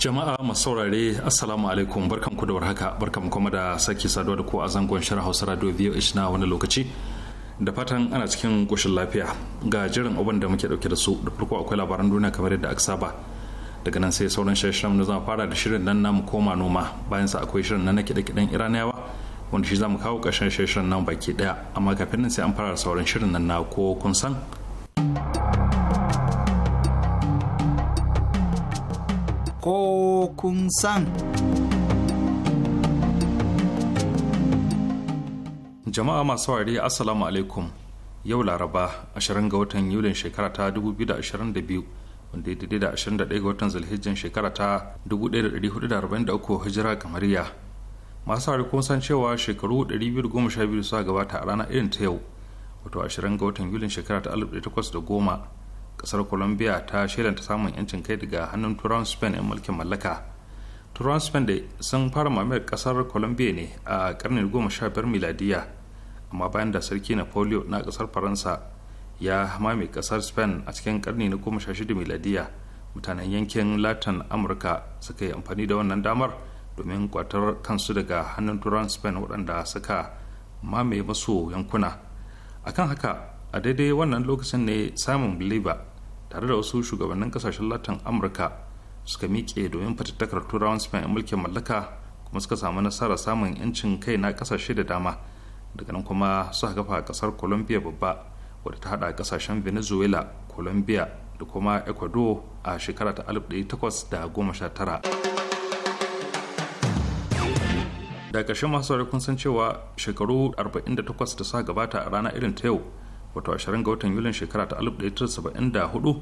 jama'a masu saurare assalamu alaikum barkan ku da warhaka barkan kuma da sake saduwa da ku a zangon shirin hausa radio voh na wani lokaci da fatan ana cikin koshin lafiya ga jirin abin da muke ɗauke da su da farko akwai labaran duniya kamar yadda aka saba daga nan sai sauran shirin da zama fara da shirin nan namu koma noma bayan sa akwai shirin na kiɗe kiɗen iraniyawa wanda shi zamu kawo ƙarshen shirin nan baki daya amma kafin nan sai an fara sauran shirin nan na ko kun san kun san. Jama'a masu wari Assalamu alaikum yau Laraba 20 ga watan Yulin shekara ta 2022 wanda ya daidai da 21 ga watan Zulhijjin shekara ta 1443 hijira kamariya. Masu wari kun san cewa shekaru 212 suka gabata a ranar irin ta yau wato 20 ga watan Yulin shekara ta 1810 kasar colombia ta ta samun yancin kai daga hannun turan spain 'yan mulkin mallaka turan spain da sun fara mamayar kasar colombia ne a karnin 15 miladiya amma bayan da sarki napoleon na kasar faransa ya mame kasar spain a cikin karni na 16 miladiya mutanen yankin latin amurka suka yi amfani da wannan damar domin kwatar kansu daga hannun turan spain waɗanda suka mame masu yankuna akan haka a daidai wannan lokacin ne samun beliba tare da wasu shugabannin kasashen latin amurka suka miƙe domin fatattakar turawan spain mulkin mallaka kuma suka samu nasarar samun yancin kai na kasashe da dama daga nan kuma suka kafa kasar colombia babba wadda ta hada kasashen venezuela colombia da kuma ecuador a shekara ta 1819 da ƙarshen masu kun san cewa shekaru 48 da suka gabata a rana irin ta yau wato 20 ga watan yulin shekara ta 1974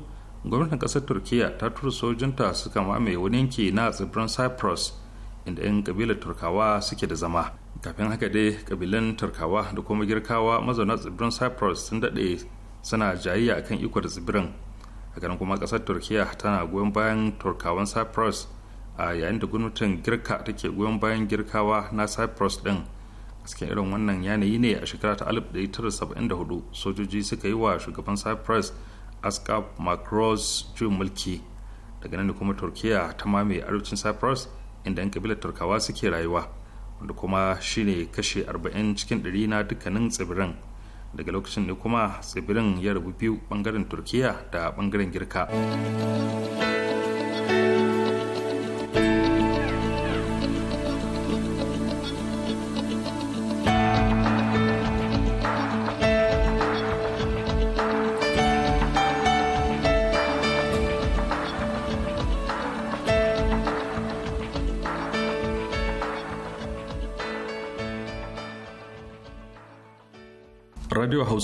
gwamnatin kasar turkiya ta tura sojinta suka mamaye wani yanki na tsibirin cyprus inda 'yan kabilar turkawa suke da zama kafin haka dai kabilan turkawa da kuma girkawa mazauna tsibirin cyprus sun daɗe suna jayayya akan ikon tsibirin a karin kuma kasar turkiya tana goyon bayan turkawan cyprus a yayin da gwamnatin girka take goyon bayan girkawa na cyprus din cikin irin wannan yanayi ne a shekara ta 1974 sojoji suka yi wa shugaban cyprus ascap macros jin mulki daga nan kuma turkiya ta mamaye arewacin cyprus inda 'yan kabilar turkawa suke rayuwa wanda kuma shine kashe 40 cikin 100 na dukkanin tsibirin daga lokacin ne kuma tsibirin ya rabu biyu bangaren turkiya da bangaren girka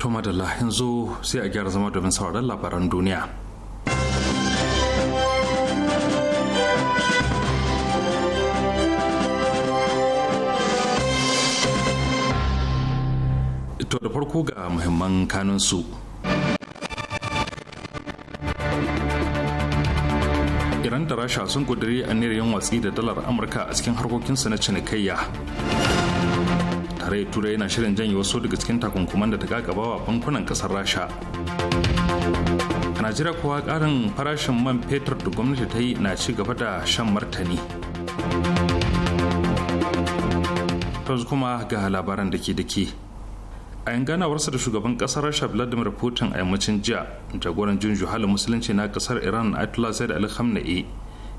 to madalla yanzu sai a gyara zama domin sauraron labaran duniya to da farko ga muhimman kanunsu iran da rasha sun kudiri aniyar yin watsi da dalar amurka a cikin harkokinsu na cinikayya tarayyar turai yana shirin janye wasu daga cikin takunkuman da ta gagaba wa bankunan kasar rasha a najeriya kuwa karin farashin man fetur da gwamnati ta yi na ci gaba da shan martani yanzu kuma ga labaran da ke dake a yin ganawarsa da shugaban kasar rasha vladimir putin a yammacin jiya jagoran jin juhalin musulunci na kasar iran ayatollah zaid da khamenei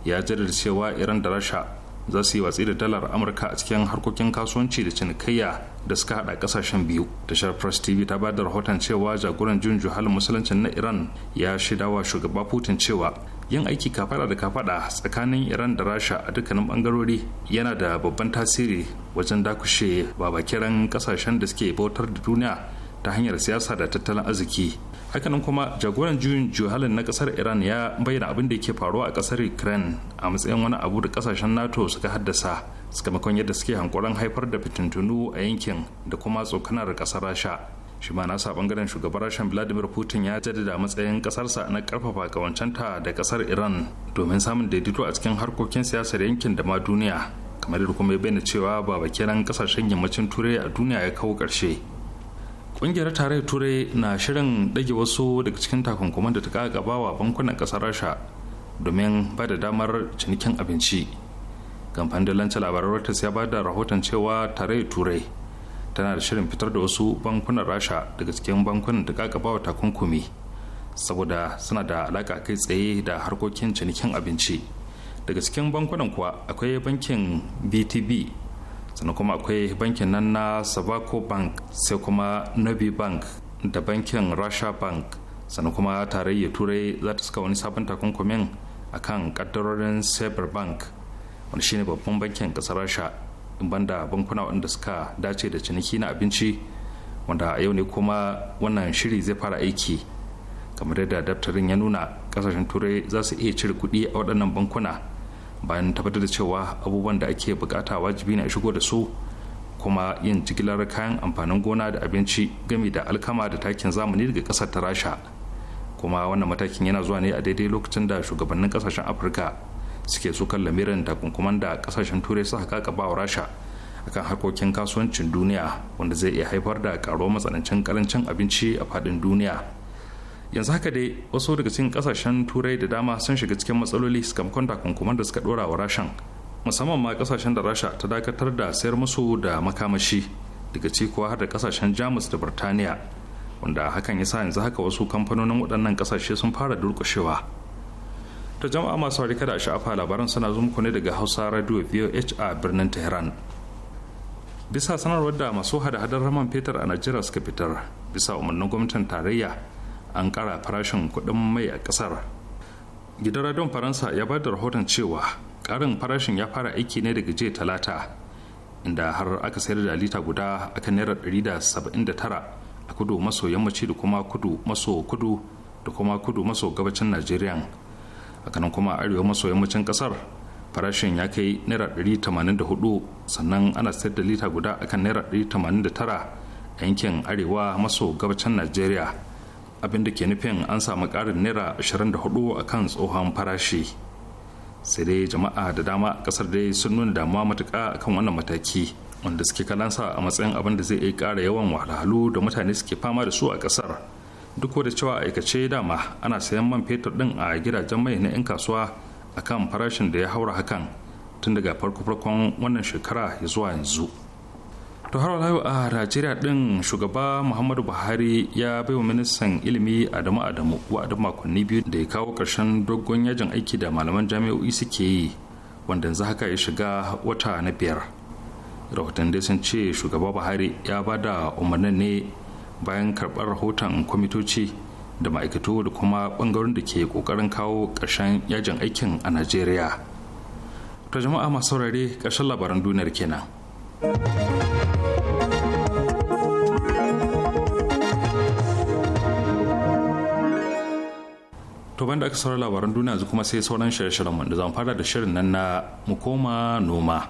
ya jaddada cewa iran da rasha za su yi watsi da dalar amurka a cikin harkokin kasuwanci da cinikayya da suka hada kasashen biyu tashar press tv ta da rahoton cewa jagoran jin juhalin musuluncin na iran ya shaida wa shugaba putin cewa yin aiki kafada da kafada tsakanin iran da rasha a dukkanin bangarori yana da babban tasiri wajen dakushe babakiran kasashen da suke bautar da duniya ta hanyar siyasa da tattalin arziki hakanan kuma jagoran juyin juhalin na kasar iran ya bayyana abin da ke faruwa a kasar ukraine a matsayin wani abu da kasashen nato suka haddasa sakamakon yadda suke hankoran haifar da fitintunu a yankin da kuma tsokanar kasar rasha shi ma nasa bangaren shugaban rashan vladimir putin ya jaddada matsayin kasarsa na karfafa kawancanta da kasar iran domin samun daidaito a cikin harkokin siyasar yankin da ma duniya kamar da kuma ya bayyana cewa ba bakiran kasashen yammacin turai a duniya ya kawo karshe kungiyar tarayyar turai na shirin ɗage wasu daga cikin takunkuman da ta gaba wa bankunan ƙasar rasha domin ba da damar cinikin abinci kamfanin dalancin labarai reuters ya ba da rahoton cewa tarayyar turai tana da shirin fitar da wasu bankunan rasha daga cikin bankunan da kakaba wa takunkumi saboda suna da alaƙa kai tsaye da harkokin cinikin abinci daga cikin bankunan kuwa akwai bankin btb sannan kuma akwai bankin nan na sabaco bank sai kuma nobi bank da bankin russia bank sannan kuma tarayyar turai za ta saka wani sabon takunkumin a kan kaddarorin saber bank wani shine babban bankin kasar rasha in banda bankuna wanda suka dace da ciniki na abinci wanda a yau ne kuma wannan shiri zai fara aiki kamar yadda daftarin ya nuna kasashen turai za su iya cire kuɗi a waɗannan bankuna bayan tabbatar da cewa abubuwan da ake bukata wajibi na shigo da su kuma yin jigilar kayan amfanin gona da abinci gami da alkama da takin zamani daga kasar ta rasha kuma wannan matakin yana zuwa ne a daidai lokacin da shugabannin kasashen afirka suke sukan lamirin takunkuman da kasashen turai suka kaka wa rasha akan harkokin kasuwancin duniya wanda zai iya haifar da karo matsanancin karancin abinci a faɗin duniya yanzu haka dai wasu daga cikin kasashen turai da dama sun shiga cikin matsaloli sakamakon takunkuman da suka dora wa rashan musamman ma kasashen da rasha ta dakatar da sayar musu da makamashi daga cikuwa har da kasashen jamus da birtaniya wanda hakan ya sa yanzu haka wasu kamfanonin waɗannan kasashe sun fara durƙushewa ta jama'a masu harika da sha'afa labaran suna zo muku ne daga hausa radio voh a birnin tehran bisa sanarwar da masu hada-hadar raman fetur a najeriya suka fitar bisa umarnin gwamnatin tarayya an kara farashin kuɗin mai a ƙasar gidan radon faransa ya ba da rahoton cewa ƙarin farashin ya fara aiki ne daga jiya talata inda har aka sayar da lita guda kan naira 179 a kudu maso yammaci da kuma kudu maso kudu da kuma kudu maso gabacin najeriya hakanan kuma arewa maso yammacin kasar farashin ya kai naira 184 sannan ana sayar da lita guda akan naira 189 a yankin arewa maso gabacin najeriya abin da ke nufin an samu ƙarin naira 24 a kan tsohon farashi sai dai jama'a da dama kasar dai sun nuna damuwa matuƙa kan wannan mataki wanda suke kalansa a matsayin abin da zai iya ƙara yawan wahalhalu da mutane suke fama da su a ƙasar duk da cewa aikace dama ana sayan man fetur ɗin a gidajen mai na 'yan kasuwa akan farashin da ya haura hakan tun daga farko farkon wannan shekara ya zuwa yanzu to har wala a najeriya din shugaba muhammadu buhari ya bai wa ministan ilimi adamu adamu da makonni biyu da ya kawo karshen dogon yajin aiki da malaman jami'o'i suke yi wanda yanzu haka ya shiga wata na biyar dai sun ce shugaba buhari ya ba da umarnin ne bayan karɓar rahoton kwamitoci da ma'aikatu da kuma bangaren da ke kokarin kawo ƙarshen yajin aikin a najeriya ta jama'a masu saurare ƙarshen labaran duniyar kenan. to banda aka saurari labaran duniya yanzu kuma sai sauran shirye-shiryen wanda da zan fara da shirin nan na mu koma noma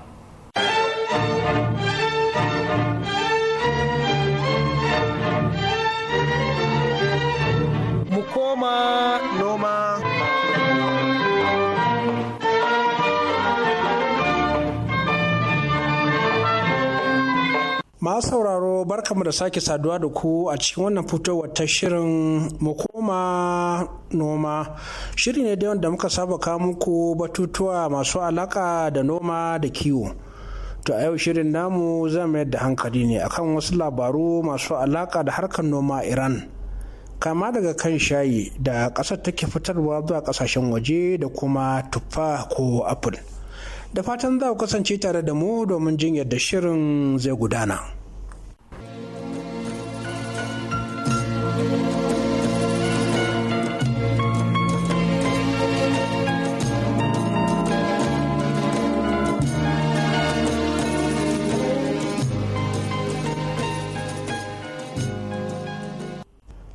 mu da sake saduwa da ku a cikin wannan fitowar ta shirin mu koma noma. Shiri ne da wanda muka saba kawo muku batutuwa masu alaka da noma da kiwo. To a yau shirin namu zai mayar da hankali ne akan wasu labaru masu alaka da harkar noma Iran. Kama daga kan shayi da ƙasar take fitarwa zuwa ƙasashen waje da kuma tuffa ko apple. Da fatan za ku kasance tare da mu domin jin yadda shirin zai gudana.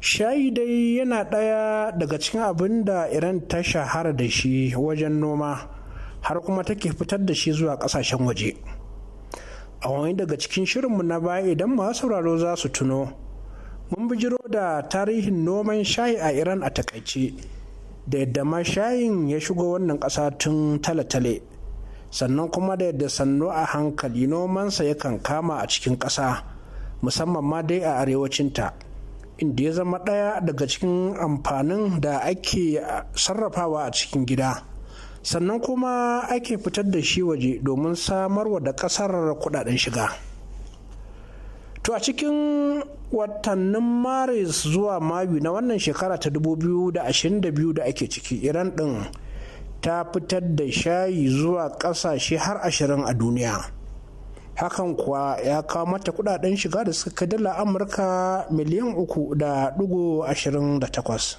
shayi dai yana ɗaya daga cikin abin da iran ta shahara da shi wajen noma har kuma take fitar da shi zuwa ƙasashen waje a wani daga cikin shirinmu na baya idan masu sauraro za su tuno mun bijiro da tarihin noman shayi a iran a takaice da yadda ma shayin ya shigo wannan ƙasa tun tale-tale sannan kuma da yadda sannu a hankali nomansa yakan kama a cikin ƙasa musamman ma dai a arewacinta inda ya zama ɗaya daga cikin amfanin da ake sarrafawa a cikin gida sannan kuma ake fitar da shi waje domin samarwa da ƙasar kudaden shiga to a cikin watannin maris zuwa mayu na wannan shekara ta 2022 da ake ciki iran ɗin ta fitar da shayi zuwa ƙasashe har ashirin a duniya hakan kuwa ya kawo mata kudaden shiga da suka kai dala amurka miliyan uku da ashirin da takwas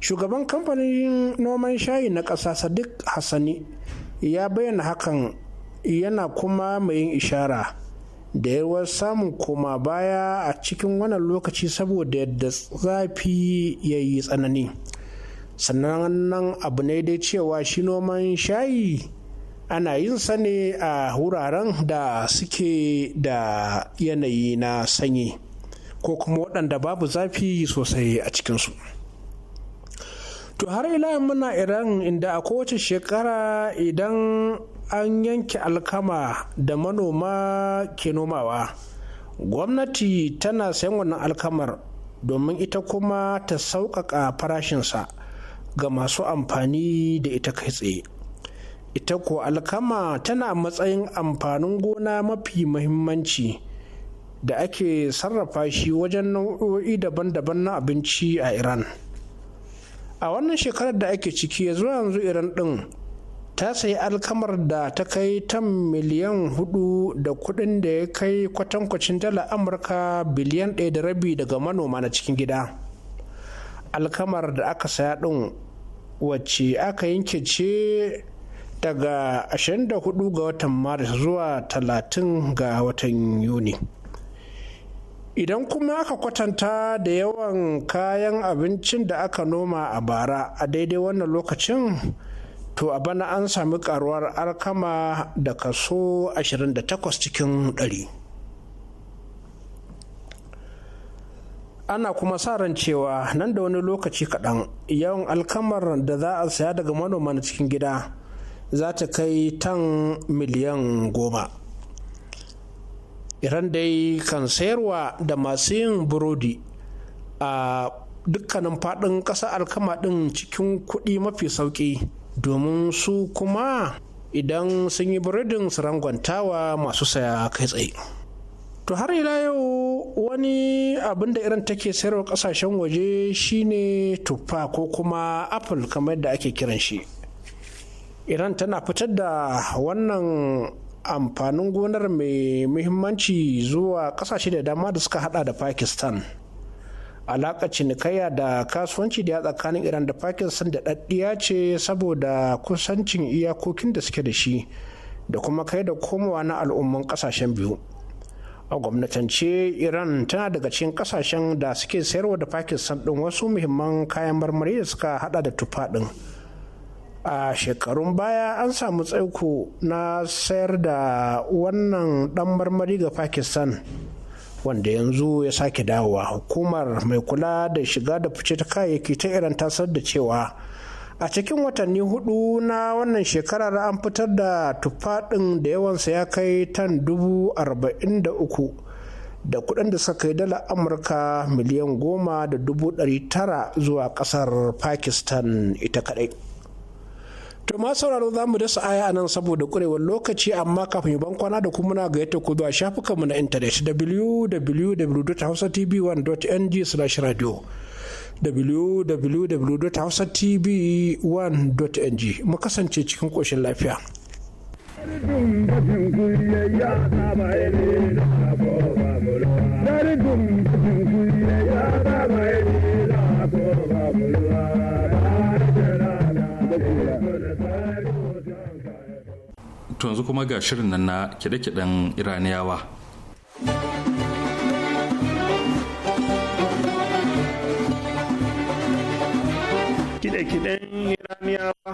shugaban kamfanin noman shayi na ƙasa sadiq hassani ya bayyana hakan yana kuma mai yin ishara da yawa samun koma baya a cikin wannan lokaci saboda yadda zafi ya yi tsanani sannan abu ne dai cewa shi noman shayi ana yin sa ne a wuraren da suke da yanayi na sanyi ko kuma waɗanda babu zafi sosai a cikinsu to har ila muna iran inda a kowace shekara idan an yanke alkama da manoma ke nomawa gwamnati tana sayan wannan alkamar domin ita kuma ta sauƙaƙa farashinsa ga masu amfani da ita kai tsaye ita ko alkama tana matsayin amfanin gona mafi muhimmanci da ake sarrafa shi wajen nau'o'i daban-daban na abinci a iran a wannan shekarar da ake ciki ya zuwa yanzu iran ɗin ta sayi alkamar da ta kai tan miliyan hudu da kuɗin da ya kai kwatankwacin dala amurka biliyan ɗaya da rabi daga manoma na cikin gida alkamar da aka saya ɗin wacce aka yanke ce daga 24 ga watan maris zuwa 30 ga watan yuni idan kuma aka kwatanta da yawan kayan abincin da aka noma a bara a daidai wannan lokacin to a bana an sami karuwar alkama da kaso 28 cikin 100 ana kuma sa ran cewa nan da wani lokaci kaɗan yawan alkamar da za a saya daga manoman cikin gida za ta kai tan miliyan goma iran dai kan sayarwa da masu yin burodi a dukkanin fadin kasa alkama din cikin kuɗi mafi sauƙi domin su kuma idan sun yi burodin su rangwantawa masu saya kai tsaye to har ila yau wani abin da iran take sayarwa kasashen waje shine tuffa ko kuma apple kamar da ake kiran shi iran tana fitar da wannan amfanin gonar mai muhimmanci zuwa kasashe da dama da suka hada da pakistan Alaka cinikayya da kasuwanci da ya tsakanin iran da pakistan da ɗaɗɗiya ce saboda kusancin iyakokin da suke da shi da kuma kai da komowa na al'umman ƙasashen biyu a gwamnatance iran tana daga cikin ƙasashen da suke sayarwa da pakistan ɗin wasu muhimman kayan marmari da suka hada da tufa ɗin a shekarun baya an samu tsaiko na sayar da wannan dan marmari ga pakistan wanda yanzu ya sake dawowa hukumar mai kula da shiga da fice ta kayayyaki ta iran tasar da cewa a cikin watanni hudu na wannan shekarar an fitar da tufaɗin da yawansa ya kai tan dubu arba'in da uku da kuɗin da suka kai dala amurka miliyan goma da dubu ɗari tara zuwa ƙasar pakistan ita kadai. To ma sauraro za mu dasa aya nan saboda kurewar lokaci amma kafin ban kwana da kuma na gayyata ku zuwa shafukanmu na intanet www.hausatv1.ng/radio www.hausatv1.ng mu kasance cikin koshin lafiya. Dari dum dum kuyi ya ba mai ni na ko ba mulwa. to yanzu kuma ga shirin nan na kide-kiden iraniyawa kide-kiden iraniyawa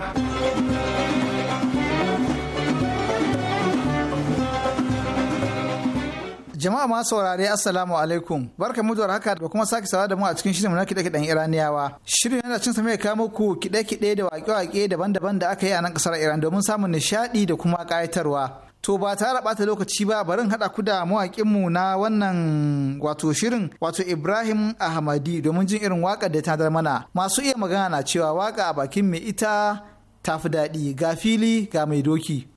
Jama'a ma saurare Assalamu alaikum. Barka mu da haka da kuma sake sawa da mu a cikin shirin na kiɗe kiɗen Iraniyawa. Shirin yana cin ya kawo muku kiɗe kiɗe da wake-wake daban-daban da aka yi a nan ƙasar Iran domin samun nishaɗi da kuma ƙayatarwa. To ba tare ɓata lokaci ba barin haɗa ku da mawaƙinmu na wannan wato shirin wato Ibrahim Ahmadi domin jin irin waƙar da ta dar mana. Masu iya magana na cewa waka a bakin mai ita tafi daɗi ga fili ga mai doki.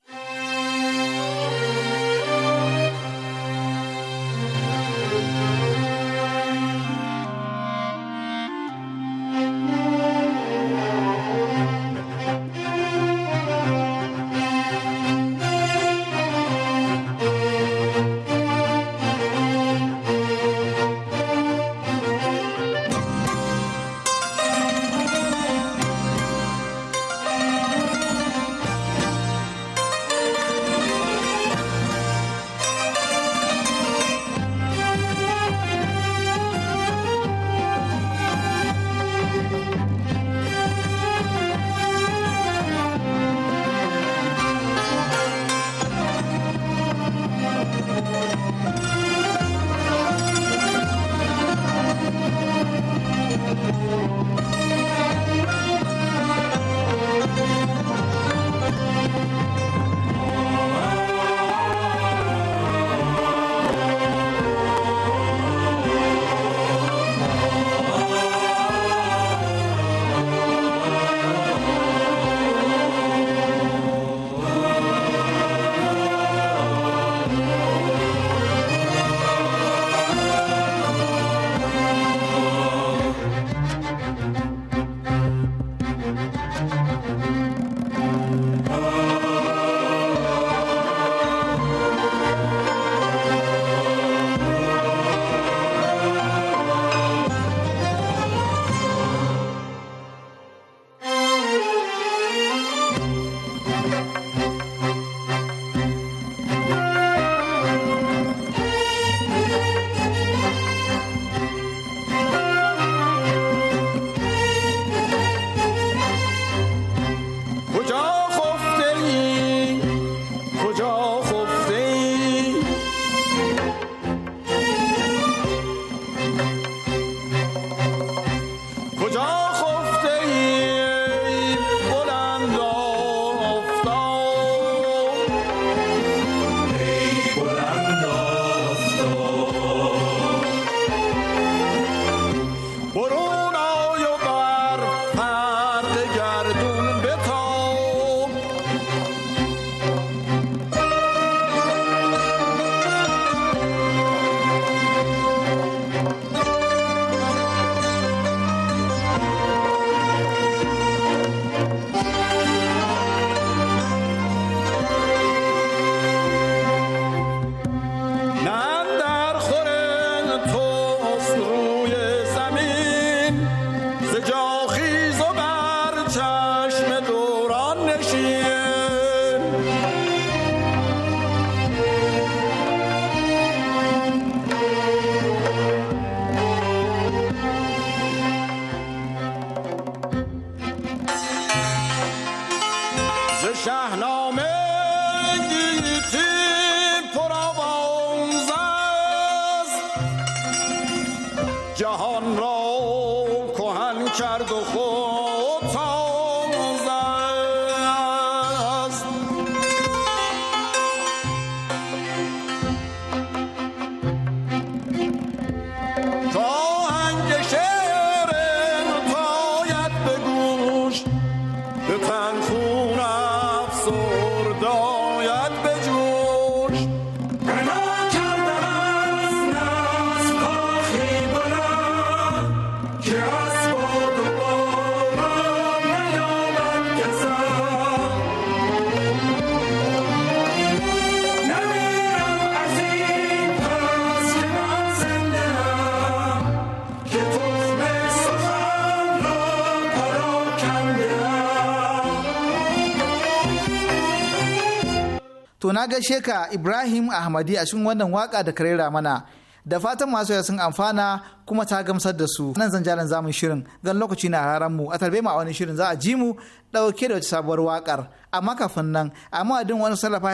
na gaishe Sheka Ibrahim Ahmadi a cikin wannan waka da karera mana. Da fatan masu sun amfana kuma ta gamsar da su. Nan zan jalan zamun shirin gan lokaci na raran mu a tarbe ma wani shirin za a ji mu dauke da wata sabuwar wakar. Amma kafin nan amma adin wani sarrafa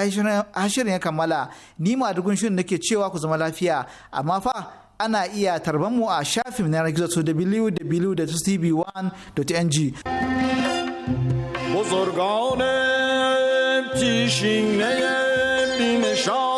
hashirin ya kammala ni ma dugun shirin nake cewa ku zama lafiya amma fa ana iya tarban mu a shafin na gizo to www.tv1.ng بزرگان پیشینه Shaw.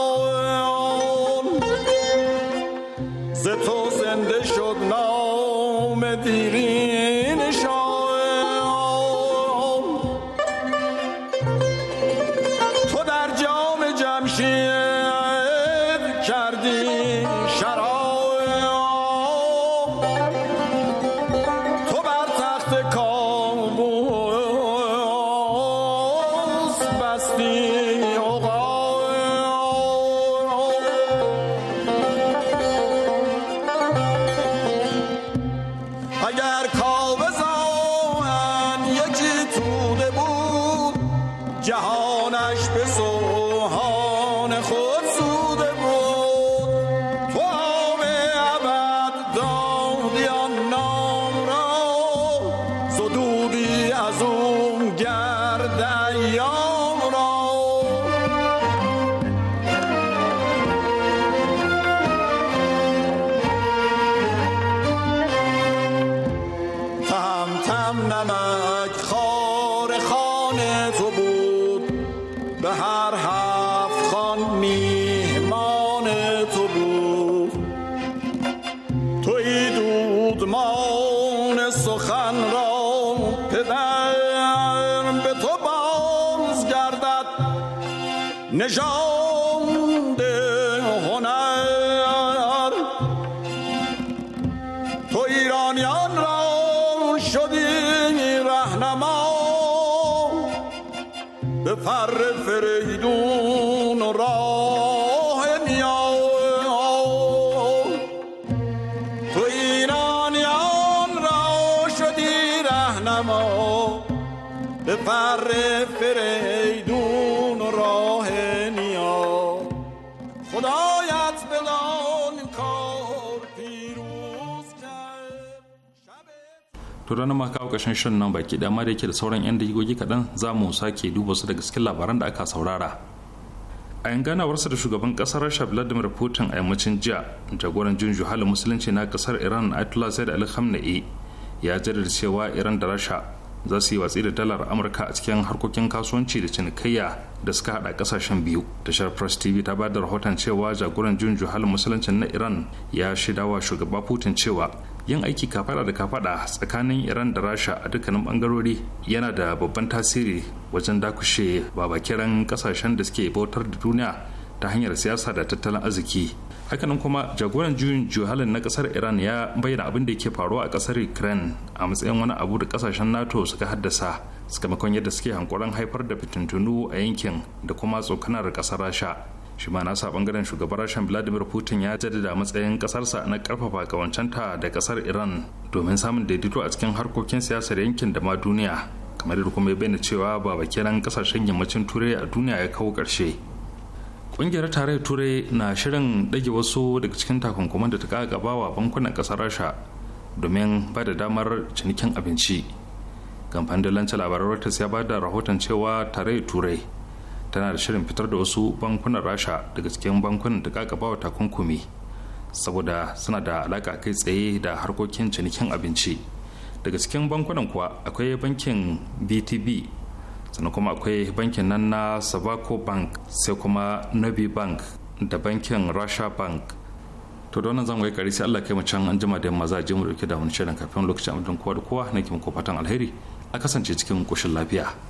to da ma kawo shirin nan baki ma da yake da sauran 'yan dagigogi kaɗan za mu sake duba su daga cikin labaran da aka saurara a yan ganawarsa da shugaban kasar rasha vladimir putin a yammacin jiya jagoran jin juhalin musulunci na kasar iran ayatollah said ali khamenei ya jaddada cewa iran da rasha za su yi watsi da dalar amurka a cikin harkokin kasuwanci da cinikayya da suka hada kasashen biyu tashar press tv ta bada rahoton cewa jagoran jin juhalin musulunci na iran ya shidawa shugaba putin cewa yin aiki kafada da kafada tsakanin iran da rasha a dukkanin bangarori yana da babban tasiri wajen dakushe babakiran kasashen da suke bautar da duniya ta hanyar siyasa da tattalin arziki hakanan kuma jagoran juyin juhalin na kasar iran ya bayyana abin da ke faruwa a kasar ukraine a matsayin wani abu da kasashen nato suka haddasa sakamakon yadda suke hankoron haifar da fitintunu a yankin da kuma tsokanar kasar rasha shi ma nasa bangaren shugaban rashin vladimir putin ya jaddada matsayin kasarsa na karfafa kawancanta da kasar iran domin samun daidaito a cikin harkokin siyasar yankin da ma duniya kamar da kuma ya bayyana cewa baba kenan kasashen yammacin turai a duniya ya kawo karshe kungiyar tarayyar turai na shirin dage wasu daga cikin takunkuman da ta gaba wa bankunan kasar rasha domin ba da damar cinikin abinci kamfanin dalancin labaran rotas ya ba da rahoton cewa tarayyar turai tana da shirin fitar da wasu bankunan rasha daga cikin bankunan da bawa takunkumi saboda suna da alaka kai tsaye da harkokin cinikin abinci daga cikin bankunan kuwa akwai bankin btb sannan kuma akwai bankin nan na sabaco bank sai kuma nobi bank da bankin rasha bank to don zan wai kari sai Allah kai mu can an jima da yamma za je mu dauke da wani shirin kafin lokacin abin kowa da kowa nake muku fatan alheri a kasance cikin koshin lafiya